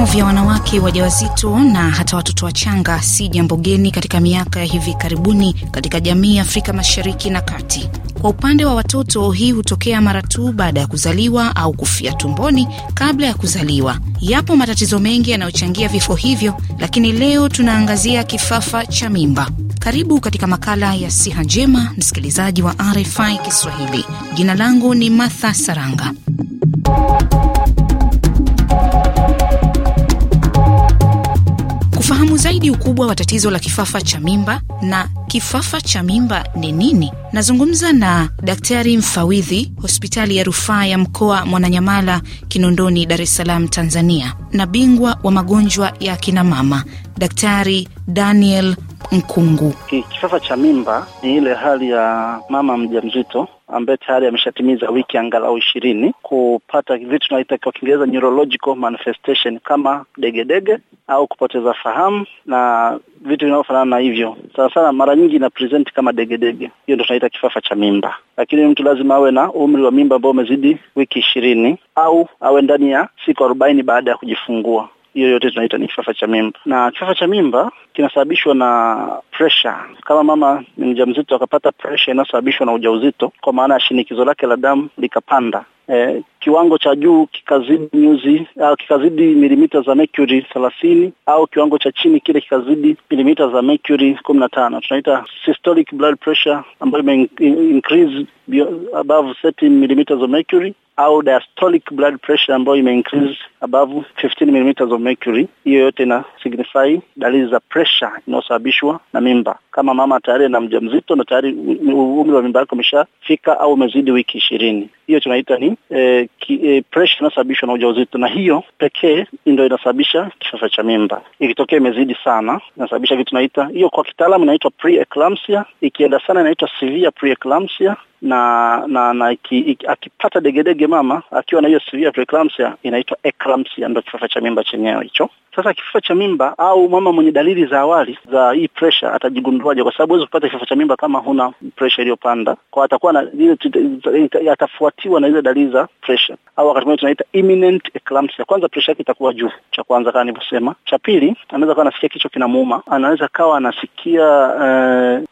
Vifo vya wanawake wajawazito na hata watoto wachanga si jambo geni katika miaka ya hivi karibuni katika jamii ya Afrika Mashariki na Kati. Kwa upande wa watoto, hii hutokea mara tu baada ya kuzaliwa au kufia tumboni kabla ya kuzaliwa. Yapo matatizo mengi yanayochangia vifo hivyo, lakini leo tunaangazia kifafa cha mimba. Karibu katika makala ya Siha Njema, msikilizaji wa RFI Kiswahili. Jina langu ni Martha Saranga. zaidi ukubwa wa tatizo la kifafa cha mimba na kifafa cha mimba ni nini, nazungumza na daktari mfawidhi hospitali ya rufaa ya mkoa Mwananyamala, Kinondoni, Dar es Salaam, Tanzania, na bingwa wa magonjwa ya kinamama Daktari Daniel Nkungu. Kifafa cha mimba ni ile hali ya mama mjamzito ambaye tayari ameshatimiza wiki angalau ishirini kupata vitu tunaita kwa Kiingereza neurological manifestation kama degedege dege, au kupoteza fahamu na vitu vinavyofanana na hivyo. Sana sana mara nyingi ina present kama degedege dege. Hiyo ndo tunaita kifafa cha mimba, lakini mtu lazima awe na umri wa mimba ambao umezidi wiki ishirini au awe ndani ya siku arobaini baada ya kujifungua hiyo yote tunaita ni kifafa cha mimba, na kifafa cha mimba kinasababishwa na pressure. Kama mama ni mjamzito akapata pressure inayosababishwa na ujauzito, kwa maana ya shinikizo lake la damu likapanda, e, kiwango cha juu kikazidi nyuzi au kikazidi milimita za mercury thelathini au kiwango cha chini kile kikazidi milimita za mercury kumi na tano tunaita systolic blood pressure ambayo ime increase above 30 milimita za mercury au diastolic blood pressure ambayo ime increase above 15 milimita za mercury. Hiyo yote ina signify dalili za pressure inayosababishwa na mimba. Kama mama tayari ana mjamzito na tayari umri wa mimba yako umeshafika au umezidi wiki ishirini, hiyo tunaita ni eh, ki, eh, e, inasababishwa na ujauzito, na hiyo pekee ndio inasababisha kifafa cha mimba. Ikitokea imezidi sana, inasababisha kitu tunaita hiyo, kwa kitaalamu inaitwa preeclampsia. Ikienda sana inaitwa severe preeclampsia na na, na iki, iki, akipata degedege mama akiwa na hiyo severe preeclampsia inaitwa eclampsia, ndio kifafa cha mimba chenyewe hicho. Sasa kifafa cha mimba au mama mwenye dalili za awali za hii pressure atajigunduaje? Kwa sababu huwezi kupata kifafa cha mimba kama huna pressure iliyopanda, kwa atakuwa na ile, atafuatiwa na ile dalili za pressure, au wakati mwingine tunaita imminent eclampsia. Kwanza pressure yake itakuwa juu, cha kwanza kama nilivyosema. Cha pili, anaweza kuwa anasikia kichwa kinamuuma, anaweza kawa anasikia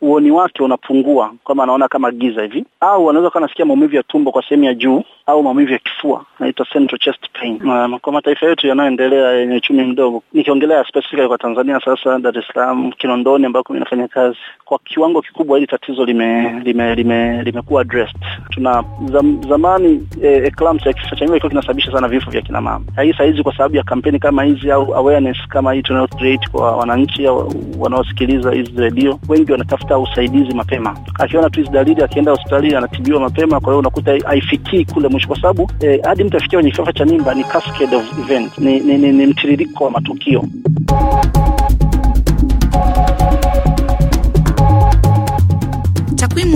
uh, uoni wake unapungua, kama anaona kama giza hivi au wanaweza kuwa nasikia maumivu ya tumbo kwa sehemu ya juu au maumivu ya kifua, naitwa central chest pain. Um, kwa mataifa yetu yanayoendelea yenye uchumi mdogo, nikiongelea specifically kwa Tanzania, sasa Dar es Salaam, Kinondoni ambako ninafanya kazi, kwa kiwango kikubwa hili tatizo lime lime lime, limekuwa addressed. Tuna zam, zamani eh, eclampsia kisa cha nyuma ilikuwa kinasababisha sana vifo vya kina mama. Hii saa kwa sababu ya kampeni kama hizi au awareness kama hii tunayo create kwa wananchi au wanaosikiliza hizi redio, wengi wanatafuta usaidizi mapema. Akiona tu hizi dalili, akienda hospitali awali anatibiwa mapema, kwa hiyo unakuta haifikii kule mwisho, kwa sababu eh, hadi eh, mtu afikia kwenye kifafa cha mimba ni cascade of event, ni, ni, ni, ni mtiririko wa matukio.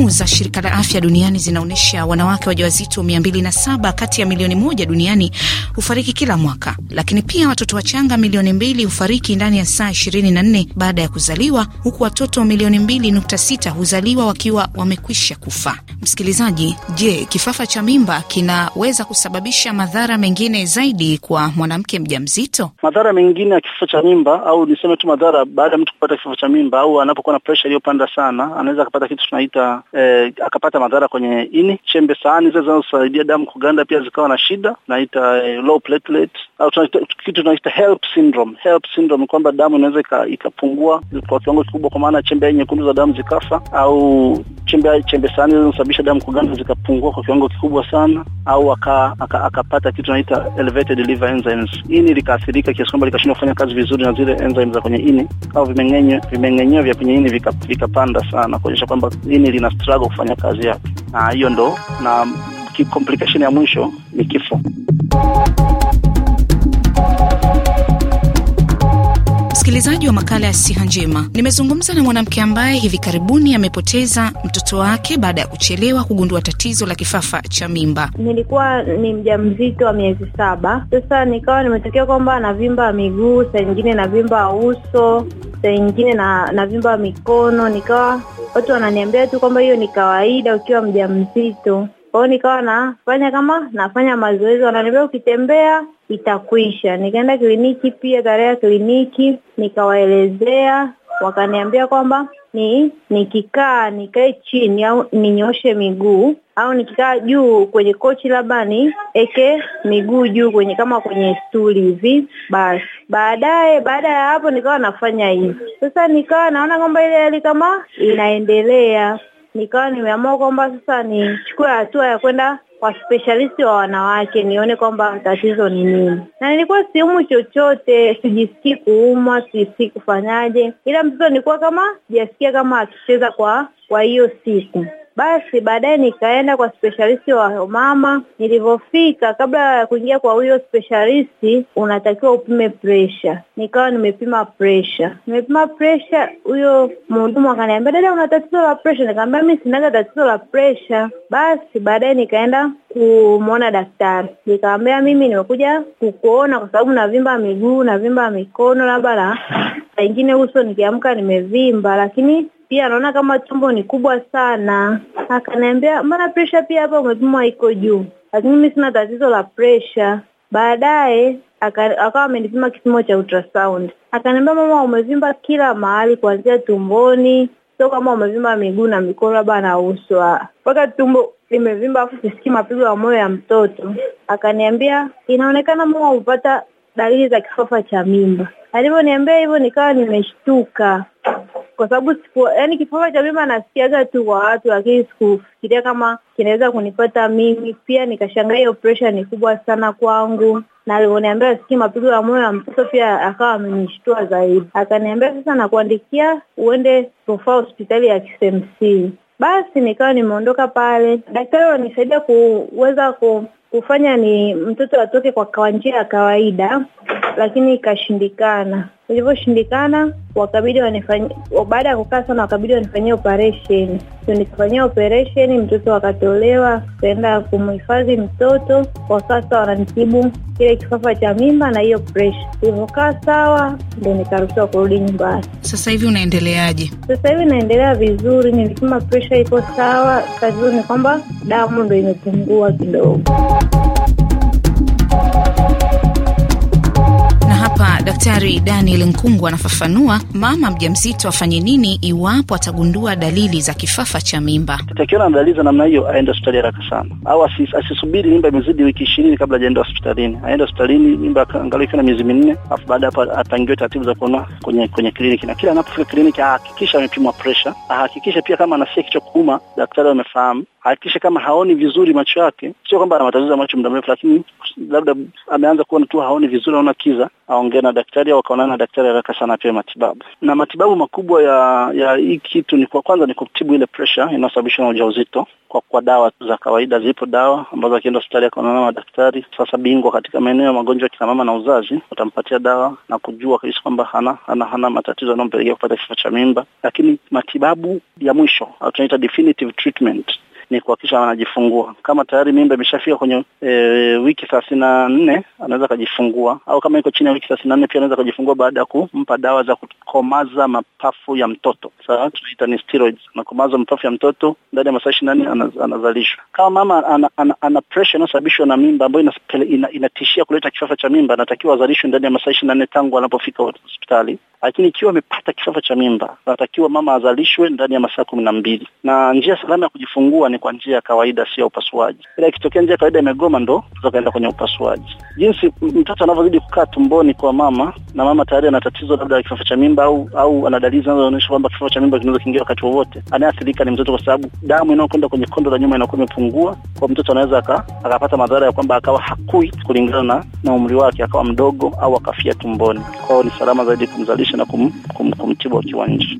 Takwimu za shirika la afya duniani zinaonyesha wanawake wajawazito 207 kati ya milioni moja duniani hufariki kila mwaka, lakini pia watoto wachanga milioni mbili hufariki ndani ya saa 24 baada ya kuzaliwa, huku watoto milioni 2.6 huzaliwa wakiwa wamekwisha kufa. Msikilizaji, je, kifafa cha mimba kinaweza kusababisha madhara mengine zaidi kwa mwanamke mjamzito? Madhara mengine ya kifafa cha mimba, au niseme tu madhara baada ya mtu kupata kifafa cha mimba, au anapokuwa na presha iliyopanda sana, anaweza akapata kitu tunaita e, akapata madhara kwenye ini, chembe sahani zile zinazosaidia damu kuganda pia zikawa na shida, naita e, low platelet au kitu tunaita HELLP syndrome. HELLP syndrome kwamba damu inaweza ika, ikapungua kwa kiwango kikubwa, kwa maana chembe nyekundu za damu zikafa, au chembe chembe sahani zinazosababisha damu kuganda zikapungua kwa kiwango kikubwa sana, au aka, aka, akapata kitu tunaita elevated liver enzymes, ini likaathirika kiasi kwamba likashindwa kufanya kazi vizuri na zile enzymes za kwenye ini au vimeng'enyo vimeng'enyo vya kwenye ini vikapanda vika sana, kuonyesha kwamba ini lina ana struggle kufanya kazi yake, na hiyo ndo na complication ya mwisho ni kifo. Msikilizaji wa makala ya siha njema, nimezungumza na mwanamke ambaye hivi karibuni amepoteza mtoto wake baada ya kuchelewa kugundua tatizo la kifafa cha mimba. Nilikuwa ni mjamzito wa miezi saba, sasa nikawa nimetokea kwamba anavimba miguu, saa nyingine navimba uso saa nyingine na navimba mikono, nikawa watu wananiambia tu kwamba hiyo ni kawaida ukiwa mjamzito. mzito hiyo nikawa nafanya kama nafanya mazoezi, wananiambia ukitembea itakwisha. Nikaenda kliniki pia tarehe ya kliniki nikawaelezea, wakaniambia kwamba ni nikikaa nikae chini au ninyoshe miguu au nikikaa juu kwenye kochi labda ni eke miguu juu kwenye kama kwenye stuli hivi. Basi baadaye, baada ya hapo nikawa nafanya hivi sasa, nikawa naona kwamba ile hali kama inaendelea, nikawa nimeamua kwamba sasa nichukue hatua ya kwenda kwa spesialisti wa wanawake nione kwamba tatizo ni nini, na nilikuwa sehemu chochote, sijisikii kuumwa, sijisikii kufanyaje, ila mtoto nilikuwa kama sijasikia kama akicheza kwa kwa hiyo siku basi baadaye nikaenda kwa specialisti wa mama. Nilivyofika, kabla ya kuingia kwa huyo specialisti, unatakiwa upime presha. Nikawa nimepima presha, nimepima presha, huyo mhudumu akaniambia, dada, una tatizo la presha? Nikamwambia mimi sinaga tatizo la presha. Basi baadaye nikaenda kumwona daktari, nikamwambia mimi nimekuja kukuona kwa sababu navimba miguu, navimba mikono, labda na ingine uso, nikiamka nimevimba, lakini pia anaona kama tumbo ni kubwa sana. Akaniambia mbona presha pia hapa umepimwa iko juu, lakini mimi sina tatizo la presha. Baadaye akawa amenipima kipimo cha ultrasound, akaniambia mama, umevimba kila mahali, kuanzia tumboni, so kama umevimba miguu na mikono labda na mpaka tumbo limevimba, afu sisikii mapigo ya moyo ya mtoto. Akaniambia inaonekana mama hupata dalili za kifafa cha mimba. Alivyoniambia hivyo, nikawa nimeshtuka kwa sababu sipo, yani kifafa cha mimba nasikiaga tu kwa watu, lakini sikufikiria kama kinaweza kunipata mimi pia. Nikashangaa hiyo presha ni kubwa sana kwangu, na alivyoniambia asikii mapigo ya moyo ya mtoto pia akawa amenishtua zaidi. Akaniambia sasa, nakuandikia uende rufaa hospitali ya KCMC. Basi nikawa nimeondoka pale, daktari wanisaidia kuweza ku, kufanya ni mtoto atoke kwa njia ya kawaida lakini ikashindikana. Ilivyoshindikana wakabidi wanifanyie, baada ya kukaa sana, wakabidi wanifanyie operesheni. So nikafanyia operesheni, mtoto wakatolewa, kaenda kumhifadhi mtoto. Kwa sasa wananitibu kile kifafa cha mimba na hiyo pressure. Ilivyokaa sawa, ndo nikaruhusiwa kurudi nyumbani. Sasa hivi unaendeleaje? Sasa hivi naendelea vizuri, nilisema presha iko sawa, tatizo ni kwamba damu ndo imepungua kidogo. Daktari Daniel Nkungu anafafanua mama mjamzito afanye nini iwapo atagundua dalili za kifafa cha mimba. Atakiona na dalili za namna hiyo, aende hospitali haraka sana, au asis, asisubiri mimba imezidi wiki ishirini kabla ajaenda hospitalini. Aende hospitalini mimba angalau ikiwa na miezi minne, alafu baada ya hapo apangiwe taratibu za kuona kwenye kwenye kliniki, na kila anapofika kliniki ahakikishe amepimwa presha, ahakikishe pia kama anasikia kichwa kuuma, daktari wamefahamu hakikisha kama haoni vizuri macho yake, sio kwamba ana matatizo ya macho muda mrefu, lakini labda ameanza kuona tu haoni vizuri, anaona kiza, aongee na daktari au akaonana na daktari haraka sana, apewe matibabu. Na matibabu makubwa ya ya hii kitu ni kwa kwanza ni kutibu ile pressure inayosababishwa na ujauzito kwa kwa dawa za kawaida. Zipo dawa ambazo akienda hospitali akaonana na daktari sasa bingwa katika maeneo ya magonjwa ya kinamama mama na uzazi, utampatia dawa na kujua kabisa kwamba hana hana hana matatizo yanayompelekea kupata kifo cha mimba. Lakini matibabu ya mwisho au tunaita definitive treatment ni kuhakikisha anajifungua. Kama tayari mimba imeshafika kwenye e, wiki thelathini na nne anaweza akajifungua, au kama iko chini ya wiki thelathini na nne pia anaweza akajifungua baada ya kumpa dawa za kukomaza mapafu ya mtoto, sawa, tunaita ni steroids. Anakomaza mapafu ya mtoto ndani ya masaa ishirini na nne anazalishwa. Kama mama ana, ana, ana pressure inayosababishwa na mimba ambayo ina, ina kuleta kifafa cha mimba, anatakiwa azalishwe ndani ya masaa ishirini na nne tangu anapofika hospitali. Lakini ikiwa amepata kifafa cha mimba, anatakiwa mama azalishwe ndani ya masaa kumi na mbili na njia salama ya kujifungua ni kwa njia ya kawaida, sio upasuaji. Ila ikitokea njia ya kawaida imegoma, ndo tukaenda kwenye upasuaji. Jinsi mtoto anavyozidi kukaa tumboni kwa mama na mama tayari ana tatizo labda la kifafa cha mimba au au ana dalili zinazoonyesha kwamba kifafa cha mimba kinaweza kuingia wakati wowote, anayeathirika ni mtoto, kwa sababu damu inayokwenda kwenye kondo la nyuma inakuwa imepungua, kwa mtoto anaweza akapata madhara ya kwamba akawa hakui kulingana na, umri wake, akawa mdogo au akafia tumboni. Kwao ni salama zaidi kumzalisha na kum, kum, kumtibu akiwa nje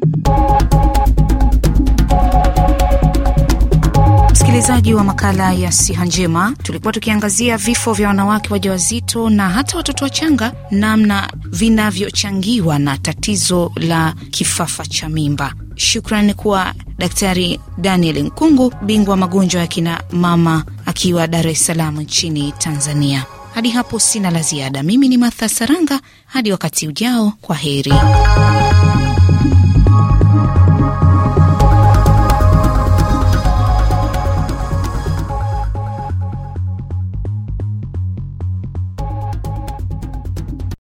msikilizaji wa makala ya siha njema, tulikuwa tukiangazia vifo vya wanawake wajawazito na hata watoto wachanga, namna vinavyochangiwa na tatizo la kifafa cha mimba. Shukrani kwa Daktari Daniel Nkungu, bingwa magonjwa ya kina mama, akiwa Dar es Salaam nchini Tanzania. Hadi hapo sina la ziada. Mimi ni Martha Saranga, hadi wakati ujao, kwa heri.